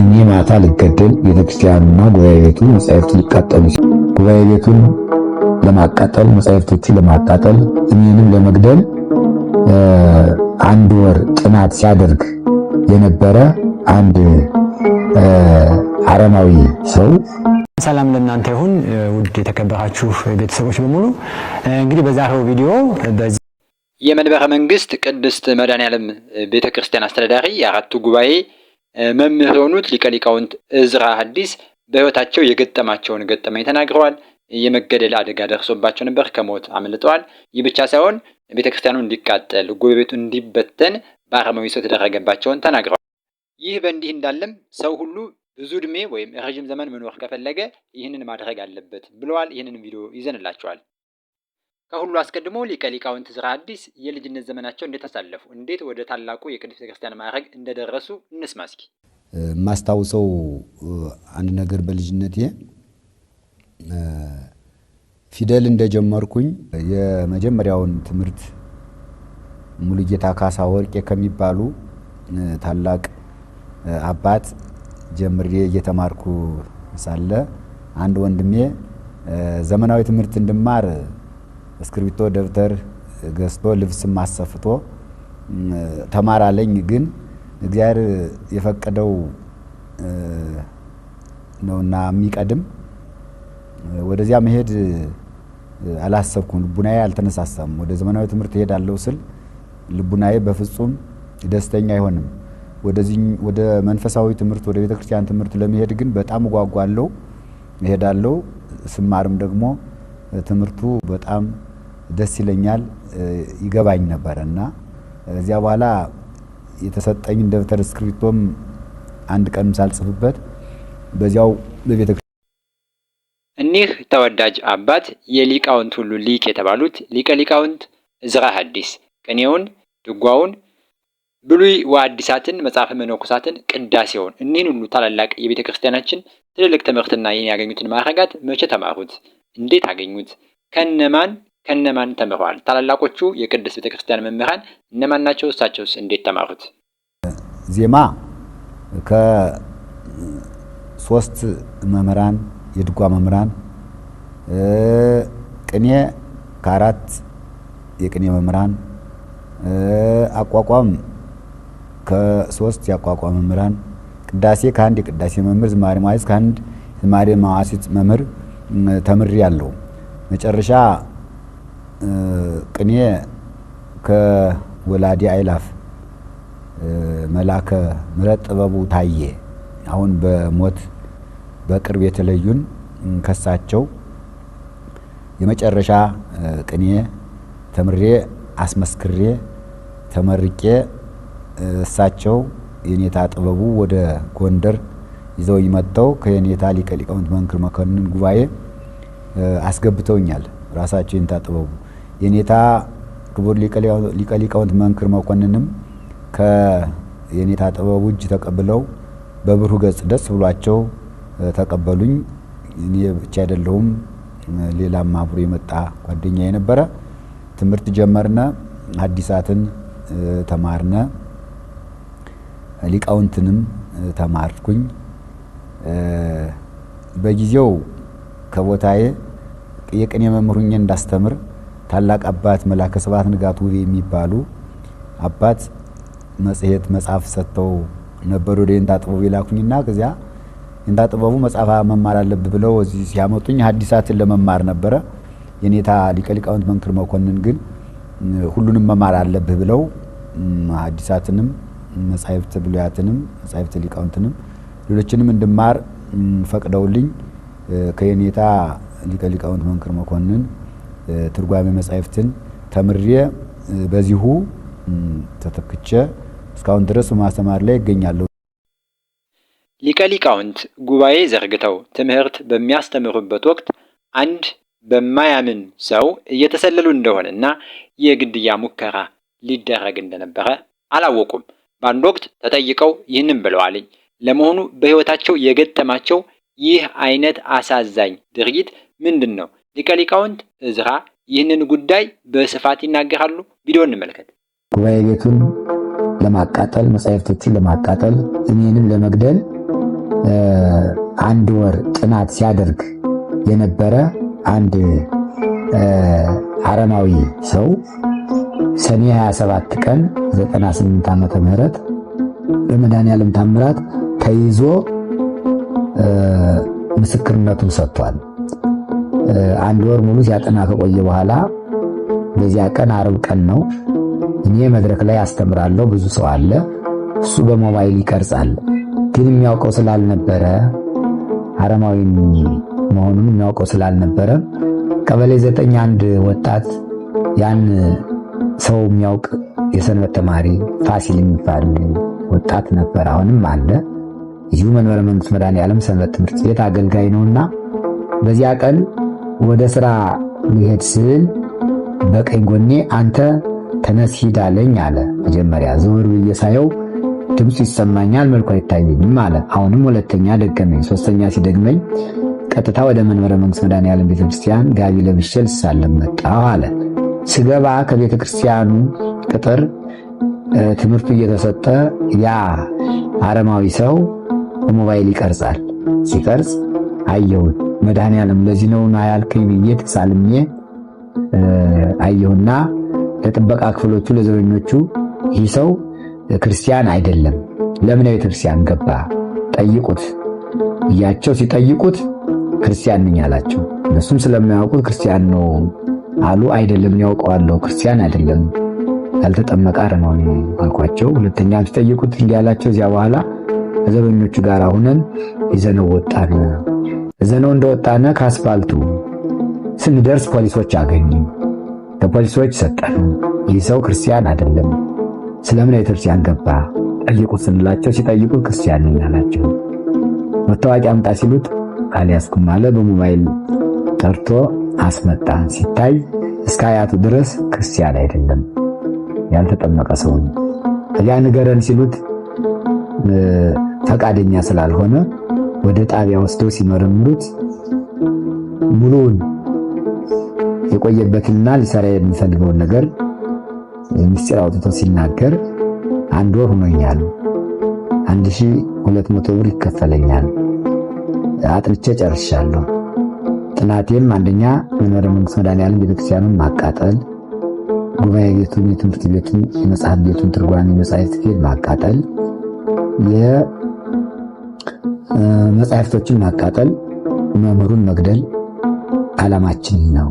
እኒህ ማታ ልገደል፣ ቤተክርስቲያኑና ጉባኤ ቤቱ መጻሕፍት ሊቃጠሉ ጉባኤ ቤቱን ለማቃጠል መጻሕፍቶቹን ለማቃጠል እኔንም ለመግደል አንድ ወር ጥናት ሲያደርግ የነበረ አንድ አረማዊ ሰው። ሰላም ለእናንተ ይሁን፣ ውድ የተከበራችሁ ቤተሰቦች በሙሉ እንግዲህ በዛሬው ቪዲዮ የመንበረ መንግስት ቅድስት መድኃኔዓለም ቤተክርስቲያን አስተዳዳሪ የአራቱ ጉባኤ መምህር የሆኑት ሊቀ ሊቃውንት እዝራ ሐዲስ በሕይወታቸው የገጠማቸውን ገጠመኝ ተናግረዋል። የመገደል አደጋ ደርሶባቸው ነበር፣ ከሞት አምልጠዋል። ይህ ብቻ ሳይሆን ቤተ ክርስቲያኑ እንዲቃጠል፣ ጎረቤቱ እንዲበተን በአረማዊ ሰው የተደረገባቸውን ተናግረዋል። ይህ በእንዲህ እንዳለም ሰው ሁሉ ብዙ እድሜ ወይም ረዥም ዘመን መኖር ከፈለገ ይህንን ማድረግ አለበት ብለዋል። ይህንን ቪዲዮ ይዘንላቸዋል። ከሁሉ አስቀድሞ ሊቀ ሊቃውንት እዝራ ሐዲስ የልጅነት ዘመናቸው እንዴት አሳለፉ፣ እንዴት ወደ ታላቁ የቅድስት ቤተክርስቲያን ማዕረግ እንደደረሱ እንስማ እስኪ። የማስታውሰው አንድ ነገር በልጅነቴ ፊደል እንደጀመርኩኝ የመጀመሪያውን ትምህርት ሙሉጌታ ካሳ ወርቄ ከሚባሉ ታላቅ አባት ጀምሬ እየተማርኩ ሳለ አንድ ወንድሜ ዘመናዊ ትምህርት እንድማር እስክሪብቶ፣ ደብተር ገዝቶ ልብስም አሰፍቶ ተማራለኝ ግን እግዚአብሔር የፈቀደው ነውና የሚቀድም ወደዚያ መሄድ አላሰብኩም። ልቡናዬ አልተነሳሳም። ወደ ዘመናዊ ትምህርት እሄዳለሁ ስል ልቡናዬ በፍጹም ደስተኛ አይሆንም። ወደዚህ ወደ መንፈሳዊ ትምህርት ወደ ቤተ ክርስቲያን ትምህርት ለመሄድ ግን በጣም እጓጓለሁ፣ እሄዳለሁ። ስማርም ደግሞ ትምህርቱ በጣም ደስ ይለኛል፣ ይገባኝ ነበረ እና እዚያ በኋላ የተሰጠኝን ደብተር እስክሪብቶም አንድ ቀንም ሳልጽፍበት በዚያው በቤተ እኒህ ተወዳጅ አባት የሊቃውንት ሁሉ ሊቅ የተባሉት ሊቀ ሊቃውንት ዕዝራ ሐዲስ ቅኔውን፣ ድጓውን፣ ብሉይ ወሐዲሳትን፣ መጽሐፈ መነኮሳትን፣ ቅዳሴውን እኒህን ሁሉ ታላላቅ የቤተ ክርስቲያናችን ትልልቅ ትምህርትና ይህን ያገኙትን ማዕረጋት መቼ ተማሩት? እንዴት አገኙት? ከነማን ከነማን ተምረዋል? ታላላቆቹ የቅድስት ቤተክርስቲያን መምህራን እነማን ናቸው? እሳቸውስ እንዴት ተማሩት? ዜማ ከሶስት መምህራን የድጓ መምህራን፣ ቅኔ ከአራት የቅኔ መምህራን፣ አቋቋም ከሶስት የአቋቋም መምህራን፣ ቅዳሴ ከአንድ የቅዳሴ መምህር፣ ዝማሬ መዋሥዕት ከአንድ ዝማሬ ማዋሲት መምህር ተምሬ ያለው መጨረሻ ቅኔ ከወላዲ አይላፍ መላከ ምረት ጥበቡ ታየ አሁን በሞት በቅርብ የተለዩን ከሳቸው የመጨረሻ ቅኔ ተምሬ አስመስክሬ ተመርቄ እሳቸው የኔታ ጥበቡ ወደ ጎንደር ይዘው መጥተው ከየኔታ ሊቀ ሊቃውንት መንክር መኮንን ጉባኤ አስገብተውኛል። ራሳቸው የኔታ ጥበቡ የኔታ ክቡር ሊቀ ሊቃውንት መንክር መኮንንም ከየኔታ ጥበቡ እጅ ተቀብለው በብሩህ ገጽ ደስ ብሏቸው ተቀበሉኝ። እኔ ብቻ አይደለሁም፣ ሌላም አብሮ የመጣ ጓደኛ የነበረ ትምህርት ጀመርነ፣ ሐዲሳትን ተማርነ፣ ሊቃውንትንም ተማርኩኝ። በጊዜው ከቦታዬ የቅኔ መምህሩኝ እንዳስተምር ታላቅ አባት መላከ ሰባት ንጋት ውቤ የሚባሉ አባት መጽሔት መጽሐፍ ሰጥተው ነበሩ ወደ ይንታ ጥበቡ የላኩኝና ከዚያ ይንታ ጥበቡ መጽሐፍ መማር አለብ ብለው እዚህ ሲያመጡኝ ሐዲሳትን ለመማር ነበረ። የኔታ ሊቀ ሊቃውንት መንክር መኮንን ግን ሁሉንም መማር አለብህ ብለው ሐዲሳትንም መጻሕፍት ብሉያትንም መጻሕፍት ሊቃውንትንም ሌሎችንም እንድማር ፈቅደውልኝ ከየኔታ ሊቀ ሊቃውንት መንክር መኮንን ትርጓሜ መጻሕፍትን ተምሬ በዚሁ ተተክቼ እስካሁን ድረስ በማስተማር ላይ ይገኛለሁ። ሊቀ ሊቃውንት ጉባኤ ዘርግተው ትምህርት በሚያስተምሩበት ወቅት አንድ በማያምን ሰው እየተሰለሉ እንደሆነና የግድያ ሙከራ ሊደረግ እንደነበረ አላወቁም። በአንድ ወቅት ተጠይቀው ይህንን ብለዋልኝ። ለመሆኑ በሕይወታቸው የገጠማቸው ይህ አይነት አሳዛኝ ድርጊት ምንድን ነው? ሊቀ ሊቃውንት እዝራ ይህንን ጉዳይ በስፋት ይናገራሉ። ቪዲዮ እንመልከት። ጉባኤ ቤቱን ለማቃጠል፣ መጻሕፍቶቹን ለማቃጠል፣ እኔንም ለመግደል አንድ ወር ጥናት ሲያደርግ የነበረ አንድ አረማዊ ሰው ሰኔ 27 ቀን 98 ዓመተ ምህረት በመድኃኔዓለም ታምራት ተይዞ ምስክርነቱን ሰጥቷል። አንድ ወር ሙሉ ሲያጠና ከቆየ በኋላ በዚያ ቀን አርብ ቀን ነው። እኔ መድረክ ላይ አስተምራለሁ፣ ብዙ ሰው አለ። እሱ በሞባይል ይቀርጻል። ግን የሚያውቀው ስላልነበረ አረማዊ መሆኑን የሚያውቀው ስላልነበረ ቀበሌ ዘጠኝ አንድ ወጣት ያን ሰው የሚያውቅ የሰንበት ተማሪ ፋሲል የሚባል ወጣት ነበር። አሁንም አለ። ይህ መንበረ መንግስት መድኃኔዓለም ሰንበት ትምህርት ቤት አገልጋይ ነውና በዚያ ቀን ወደ ሥራ ሊሄድ ስል በቀኝ ጎኔ አንተ ተነስ ሂድ አለኝ አለ። መጀመሪያ ዘወር ብዬ ሳየው ድምፁ ይሰማኛል፣ መልኩ አይታየኝም አለ። አሁንም ሁለተኛ ደገመኝ። ሶስተኛ ሲደግመኝ ቀጥታ ወደ መንበረ መንግሥት መድኃኔዓለም ቤተ ክርስቲያን ጋቢ ለብሼ ልሳለም መጣሁ አለ። ስገባ ከቤተ ክርስቲያኑ ቅጥር ትምህርቱ እየተሰጠ ያ አረማዊ ሰው ሞባይል ይቀርጻል። ሲቀርጽ አየሁት። መድኃኔዓለም ለዚህ ነው ና ያልከኝ ብዬ ተሳልሜ አየሁና ለጥበቃ ክፍሎቹ ለዘበኞቹ ይህ ሰው ክርስቲያን አይደለም፣ ለምን ክርስቲያን ገባ ጠይቁት እያቸው ሲጠይቁት ክርስቲያን ነኝ አላቸው። እነሱም ስለማያውቁት ክርስቲያን ነው አሉ። አይደለም ያውቀዋለሁ፣ ክርስቲያን አይደለም ያልተጠመቀ ነው አልኳቸው። ሁለተኛም ሲጠይቁት እንዲህ አላቸው። እዚያ በኋላ ከዘበኞቹ ጋር ሁነን ይዘነው ወጣን። ዘነው እንደወጣነ ከአስፋልቱ ስንደርስ ፖሊሶች አገኙ። ከፖሊሶች ሰጠን። ይህ ሰው ክርስቲያን አይደለም፣ ስለምን ቤተክርስቲያን ገባ ጠይቁት ስንላቸው ሲጠይቁ ክርስቲያን አላቸው። መታወቂያ አምጣ ሲሉት አልያዝኩም አለ። በሞባይል ጠርቶ አስመጣ። ሲታይ እስከ አያቱ ድረስ ክርስቲያን አይደለም፣ ያልተጠመቀ ሰው ነው። እዚያ ንገረን ሲሉት ፈቃደኛ ስላልሆነ ወደ ጣቢያ ወስደው ሲመረምሩት ሙሉውን የቆየበትና ሊሰራ የሚፈልገውን ነገር ምስጢር አውጥቶ ሲናገር አንድ ወር ሆኖኛል፣ 1200 ብር ይከፈለኛል፣ አጥንቼ ጨርሻለሁ። ጥናቴም አንደኛ መንበረ መንግስት መድኃኔዓለም ቤተክርስቲያኑን ማቃጠል፣ ጉባኤ ቤቱን፣ የትምህርት ቤቱን፣ የመጽሐፍ ቤቱን ትርጓሜ መጻሕፍት ማቃጠል መጽሐፍቶችን ማቃጠል፣ መምህሩን መግደል ዓላማችን ነው።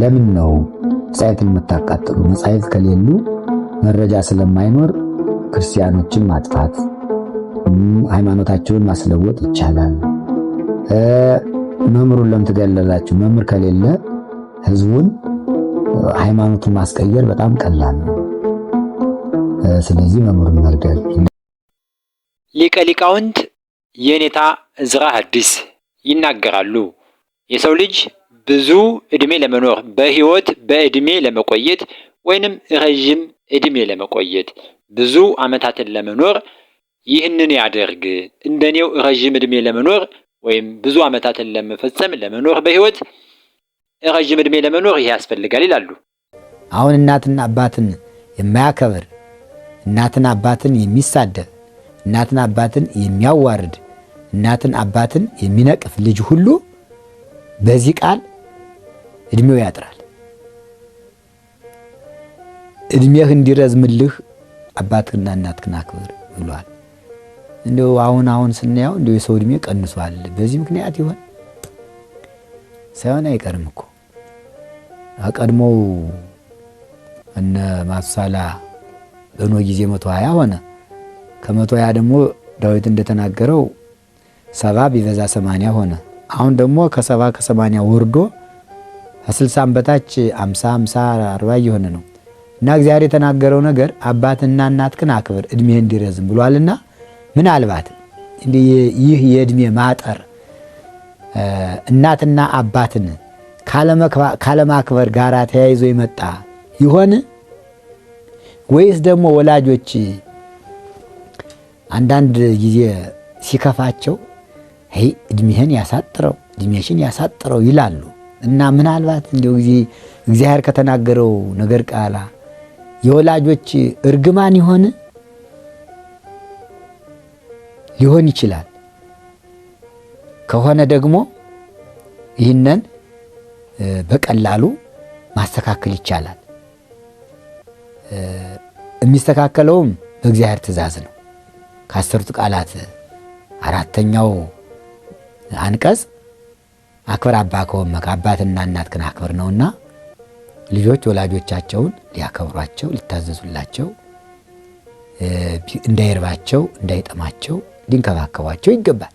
ለምን ነው መጽሐፍትን የምታቃጥሉ? መጽሐፍት ከሌሉ መረጃ ስለማይኖር ክርስቲያኖችን ማጥፋት፣ ሃይማኖታቸውን ማስለወጥ ይቻላል። መምህሩን ለምን ትገለላችሁ? መምህር ከሌለ ህዝቡን ሃይማኖቱን ማስቀየር በጣም ቀላል ነው። ስለዚህ መምህሩን መግደል ሊቀ ሊቃውንት የኔታ ዝራ ሐዲስ ይናገራሉ። የሰው ልጅ ብዙ እድሜ ለመኖር በህይወት በእድሜ ለመቆየት ወይንም ረዥም እድሜ ለመቆየት ብዙ ዓመታትን ለመኖር ይህንን ያደርግ። እንደኔው ረዥም እድሜ ለመኖር ወይም ብዙ ዓመታትን ለመፈጸም ለመኖር በህይወት ረዥም እድሜ ለመኖር ይህ ያስፈልጋል ይላሉ። አሁን እናትና አባትን የማያከብር እናትና አባትን የሚሳደብ እናትና አባትን የሚያዋርድ እናትን አባትን የሚነቅፍ ልጅ ሁሉ በዚህ ቃል እድሜው ያጥራል። እድሜህ እንዲረዝምልህ አባትና እናትህን አክብር ብሏል። እንደው አሁን አሁን ስናየው እንደው የሰው እድሜ ቀንሷል። በዚህ ምክንያት ይሆን ሳይሆን አይቀርም እኮ ቀድሞው እነ ማቱሳላ በኖህ ጊዜ መቶ ሀያ ሆነ። ከመቶ ሀያ ደግሞ ዳዊት እንደተናገረው ሰባ ቢበዛ ሰማንያ ሆነ። አሁን ደግሞ ከሰባ ከሰማንያ ወርዶ ከስልሳም በታች አምሳ አምሳ አርባ እየሆነ ነው እና እግዚአብሔር የተናገረው ነገር አባትና እናትህን አክብር እድሜህ እንዲረዝም ብሏልና ምናልባት ይህ የእድሜ ማጠር እናትና አባትን ካለማክበር ጋር ተያይዞ የመጣ ይሆን ወይስ ደግሞ ወላጆች አንዳንድ ጊዜ ሲከፋቸው ይ እድሜህን ያሳጥረው እድሜሽን ያሳጥረው ይላሉ እና ምናልባት እንዲሁ ጊዜ እግዚአብሔር ከተናገረው ነገር ቃላ የወላጆች እርግማን ይሆን ሊሆን ይችላል። ከሆነ ደግሞ ይህንን በቀላሉ ማስተካከል ይቻላል። የሚስተካከለውም በእግዚአብሔር ትእዛዝ ነው። ከአስርቱ ቃላት አራተኛው አንቀጽ አክብር አባ ከወመከ አባትና እናትህን አክብር ነውና ልጆች ወላጆቻቸውን ሊያከብሯቸው ሊታዘዙላቸው እንዳይርባቸው እንዳይጠማቸው ሊንከባከቧቸው ይገባል።